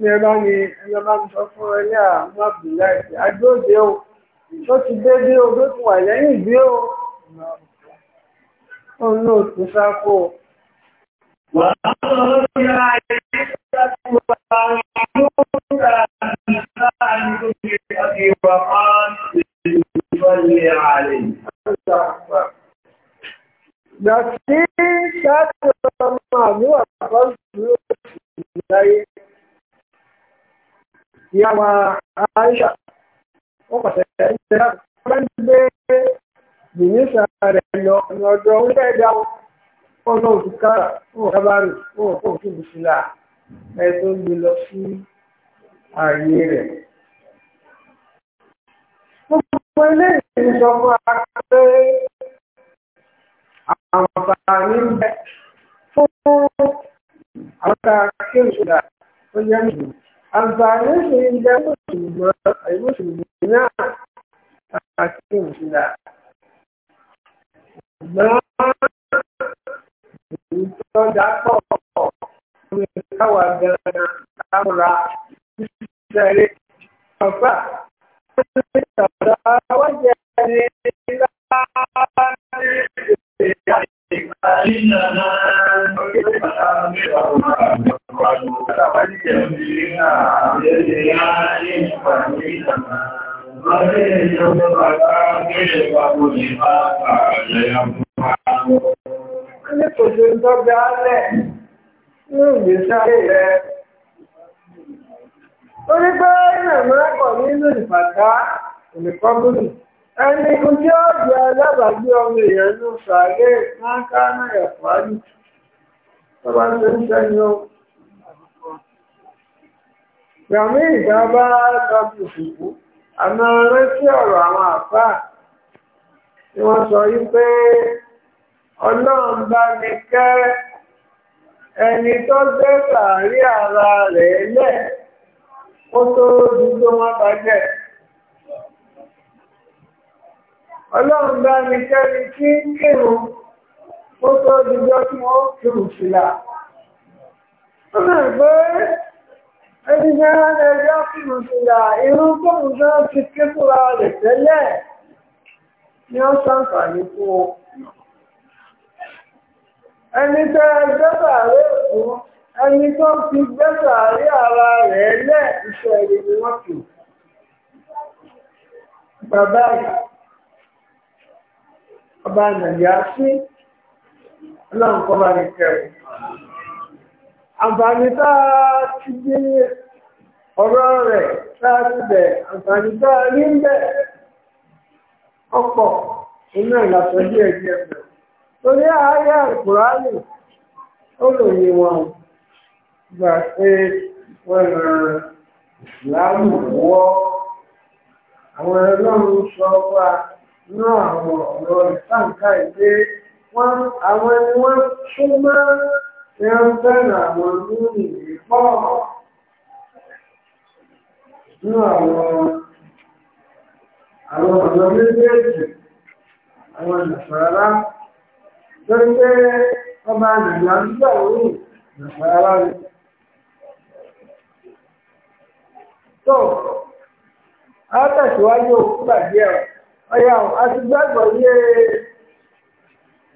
ní ẹ bá ní ẹ bá ń sọ fún ẹ ní àmú àbúlá ẹ̀sẹ̀ agbóòdè o tó ti dé dé o tó ti wà lẹ́yìn ìgbé o òun náà ti sáfò. wàá lọ sí ààyè ìṣàkóso àwọn olóògbé àti ìṣàkóso àti ìwà máa ń ṣe ìwọlé àlè. Yàtí ṣáàtì ọmọ àmúwà bá ń dúró láyé ìyá wa Aisha ó pàṣẹ ìṣẹ́lá ọ̀pẹ́ ń gbé bìnísà rẹ̀ lọ ọ̀dọ̀ orílẹ̀ èdè wọn náà ti kára wọn kábàárì wọn kò tún bùsùlà ẹ tó ń gbé lọ sí ààyè rẹ̀. gbogbo eléyìí sọ fún wa pé àǹfààní ń bẹ fún àwọn Amfanin su yin damar musulmi na a cikin suna. Amma ìtọ́ dápọ̀ omi káwà gan-an lámúra ìṣẹ̀lẹ̀ ọ̀fà. Ọ̀dọ̀ àwọn jẹ́ ẹni láàárín ìgbà ìgbà ìgbà. Nítorí tó gbá lẹ̀ ní ìgbésáré rẹ̀. Ó rí pé ìrìnàmọ́ ẹ̀kọ̀ nínú ìfàtà ìlẹ̀kọ́gbùnù. Ẹni kún tí ó jẹ́ alábàágbé ọmọ èèyàn ló sàárè máa ń ká náà ẹ̀kọ́ àdìtù. Tọ́bá ń ṣe ń sẹ́ni ohun. Gbàmí ìgbà bá lọ́bù ṣùgbọ́n, àmọ́ rántí ọ̀rọ̀ àwọn àfáà tí wọ́n sọ wípé ọlọ́run bá mi kẹ́ ẹni tó jẹ́ sàárì ara rẹ̀ lẹ̀ ó tó dúdú wọn bàjẹ́. Ọlọ́run bá mi kẹ́ni tí ń kírun ó tó dúdú tí wọ́n kírun fìlà. Ó náà ẹni náà ẹjọ́ fìmọ̀ sí ra irú tóun náà ti ké fúra rẹ̀ tẹ́lẹ̀ ni ó ṣàǹfààní fún ọ. ẹni tẹ́ ẹgbẹ́ta rẹ̀ fún ẹni tó fi gbẹ́ta rí ara rẹ̀ lẹ́ iṣẹ́ rẹ̀ ni wọ́n fi. bàbá yìí ọba nàìjíríà sí ọlọ́run bá ní kẹrin àǹfààní tá a ti gbé ọ̀rọ̀ rẹ̀ tá a ti bẹ̀ àǹfààní tá a rí ń bẹ̀ ọ̀pọ̀ iná ìlàsọ díẹ̀ díẹ̀ bẹ̀. torí ààyè àkùránì ó lò ní wọn gbà pé wọ́n rán àwọn ẹlọ́run sọ wá náà àwọn ọ̀rọ̀ ìtàǹkà ìgbé wọn àwọn ẹni wọ́n súnmọ́ Ẹ ń fẹ́ràn àwọn múrì ní pọ̀ nínú àwọn àwọn ọ̀nà méjèèjì ọba àgbàgbà ń gbà orí ìnàfàárá rẹ̀. a tẹ̀síwájú òkú gbàgbé àti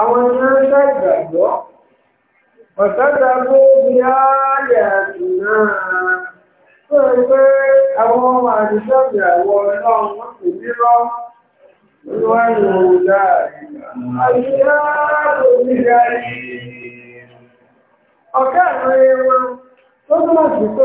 àwọn tí wọ́n ṣàgbàgbọ́ ọ̀sádà ló bí ààyè àti náà tó ń pé àwọn ọmọ àdìsọ́bì àwọ̀ ọlọ́run wọ́n kò ní lọ olúwàyò láàrin àyíká ló bí ààyè ọ̀gá àwọn ẹran tó túmọ̀ sí pé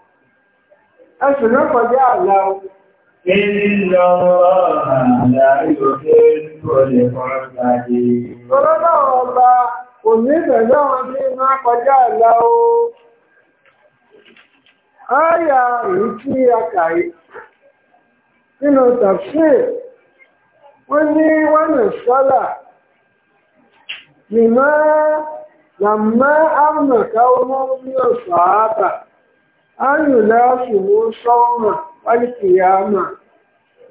ẹ̀sùn náà kọjá o. Èdè lọ àlá ìròké tó lè kọ́rọ̀ jáde. o. tí a kàí nínú wọ́n ní wọ́n nà sọ́là. Mìmá làmá àmàkà ọmọ ní ọ̀sọ̀ أن يلازموا صوم والقيامة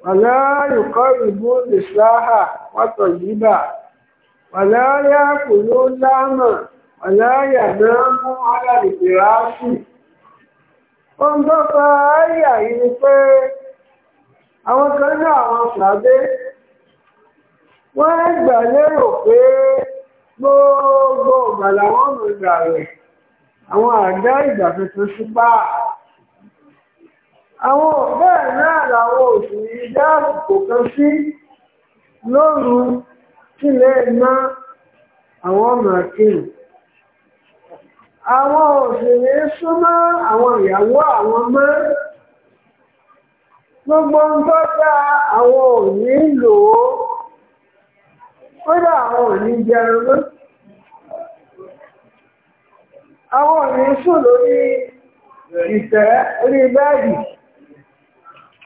ولا يقربوا الإصلاح والطيبة ولا يأكلوا اللحم ولا يناموا على الفراش Wọ́n tó fa ayà anyị ni pe, àwọn kan ní àwọn ṣàdé, wọn gbà lérò pé gbogbo ìgbà làwọn ọmọ ìgbà rẹ, àwọn àdá ìgbà tuntun sí páà. àwọn bẹ́ẹ̀ náà làwọn òṣèré dáàbò kò kan sí lóru sílẹ̀ ná àwọn ọmọ akéwì àwọn òṣèré súnmọ́ àwọn ìyàwó àwọn mọ́ gbogbo ń bọ́ dá àwọn òní lòó. ó kódà àwọn òní jẹun àwọn òní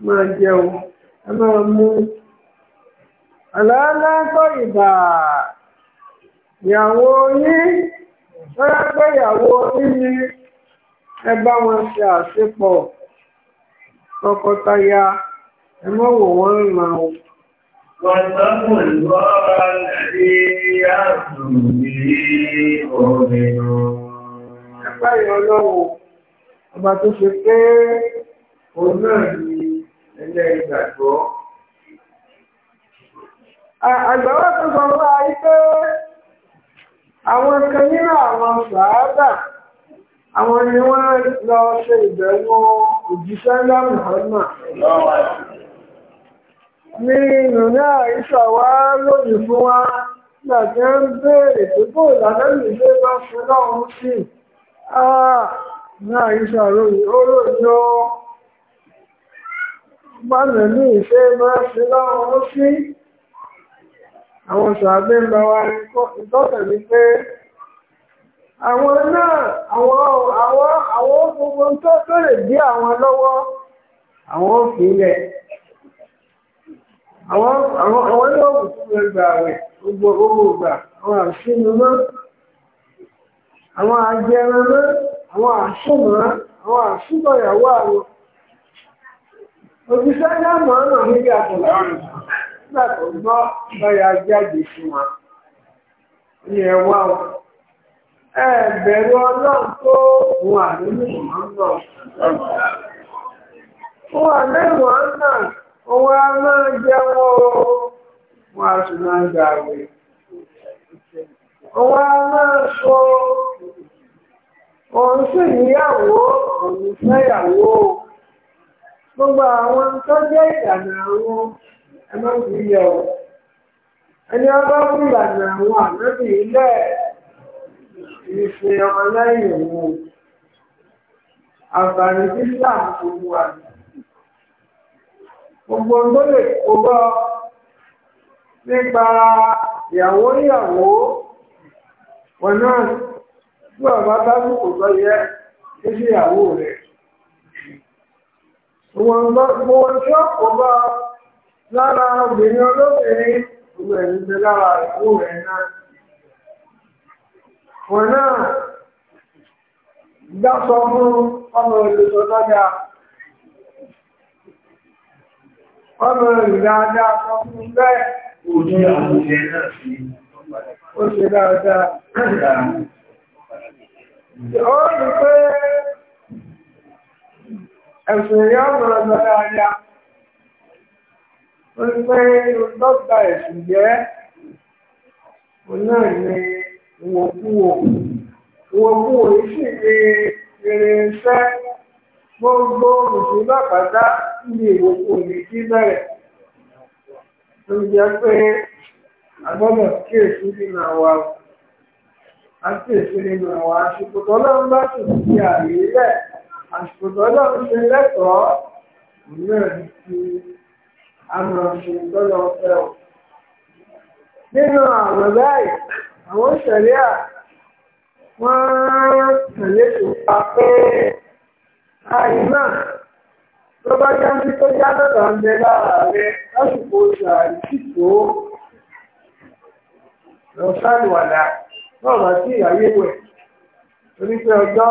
máa jẹun ẹ máa mú àlàálàkọ ìbà ìyàwó yín lọ́yà pé ìyàwó yín ni ẹ bá wọn ṣe àṣepọ̀ tọkọtaya ẹ mọ̀ wò wọ́n ràn o. Wàtàkùn ìgbọ́ra ní àtúndì òmìnira. Ẹ báyọ̀ lọ́wọ́, ọba tó ṣe pé òun náà ni ilé ìgbàgbọ́. Àgbàwọ́ tó sọ fún ayé pé àwọn kan nínú àwọn sàádà àwọn ni wọ́n lọ ṣe ìbẹ̀wò òjíṣẹ́ ńlá Muhammad. Ní ìlú náà ìṣàwá lòdì fún wa nígbà tí ó ń béèrè pé bó ìlànà ìlú bá fún náà ń sìn. Náà ìṣàròyìn ó ròyìn ó. bọ́nà ní ìfẹ́ máa fi lọ́wọ́ sí àwọn ṣàbí ń wa ìtọ́tẹ̀ ní pé àwọn náà àwọn àwọn tó tó lè àwọn lọ́wọ́ àwọn àwọn yóò tó lè gbà rẹ̀ gbogbo àwọn Òṣìṣẹ́ náà mọ̀ ọ́nà níbi àtọ̀lá nígbà tó gbọ́ lọ́yà jáde fún wa. Ní ẹ̀wá o, ọlọ́run tó òun àdúgbò mọ́ ń lọ. Òun àdúgbò ń nà, òun á máa o, wọ́n á tún máa gbà wẹ̀. Òun á máa sọ, òun sì gbogbo àwọn tó jẹ́ ìlànà àwọn ẹmọ́bìnrin ọ̀ ẹni ọba fún ìlànà àwọn ànábì ilẹ̀ ìfẹ́ ọmọlẹ́yìn òun àǹfààní sísà gbogbo wa gbogbo ń tó lè kó bọ́ nípa ìyàwó ìyàwó wọn náà bí ọba bá kò gbọ́ yẹ kí sí ìyàwó rẹ̀. Gbogbo ọjọ́ ọba lára obìnrin olóbìnrin gbogbo ẹ̀mí bẹ lára ìwò rẹ̀ náà. Wọ̀n náà dásọ fún ọmọ ìlúsọ tọ́jà. Ọmọ ìdáadá sọ fún bẹ́ẹ̀. Ó ní àwọn ìṣẹ́ náà sí. Ó ṣe dáadáa. Ó rí pé ẹ̀sìn yọ ọ̀rọ̀ lọ́yà ya ó ń pẹ́ lọ́gbà ẹ̀sìn jẹ́ òun náà ní ìwòkúwò ìwòkúwò yìí sì ní irinṣẹ́ gbogbo mùsùlùmí àpàdá ní ìwòkúwò ní kí bẹ̀rẹ̀ ó ń jẹ́ pé agbọ́dọ̀ kíyèsí nínú àwa àti nínú àsìkò tọ́lọ́ ń ṣe lẹ́tọ̀ọ́ òmíràn ní ti àmọ̀ ṣe tọ́lọ́ fẹ́ o. nínú àwọn báyìí àwọn ìṣẹ̀lẹ̀ à wọ́n tẹ̀lé tó pa pé àyè náà tó bá já sí tó já lọ́dọ̀ ń bẹ lára rẹ lásìkò ṣàárì sì lọ sáàlùwàdà náà bá sí ìyáyé wẹ̀ torí ọjọ́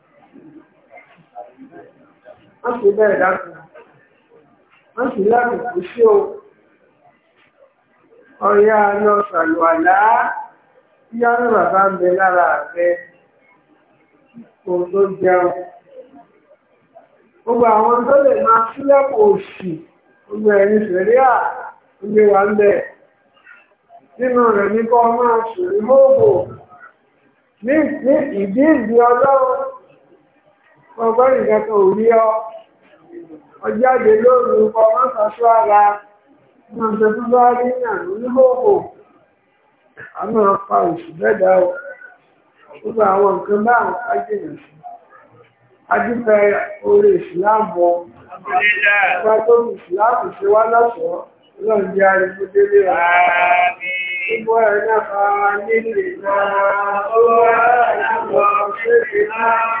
wọ́n sì bẹ̀rẹ̀ dákun wọ́n sì lákòókò sí o ọ̀yá lọ sàlùwàlá yára bàbá ń bẹ lára rẹ kò tó jẹun gbogbo àwọn tó lè máa sílẹ̀kùn òsì gbogbo ẹ̀yìn sẹ̀ríà gbogbo wa ń bẹ̀ nínú rẹ̀ ní kọ́ máa sùn ìhóòbò ní ìdí ìdí ọlọ́run ọgbọ́n ìgbà ò rí ọ. ọjáde lóru ọmọ sọ́sọ́ ara wọn ṣe fún bá rí àrùn níhòòhò a máa òṣù mẹ́ta nke gbogbo àwọn nǹkan báwọn kájèyàn sí adúpẹ́ orí ìsìláàmù ọgbà tó ìsìláàmù wá lọ́sọ̀ọ́ jẹ́ gbogbo ẹ̀ náà fara nílé náà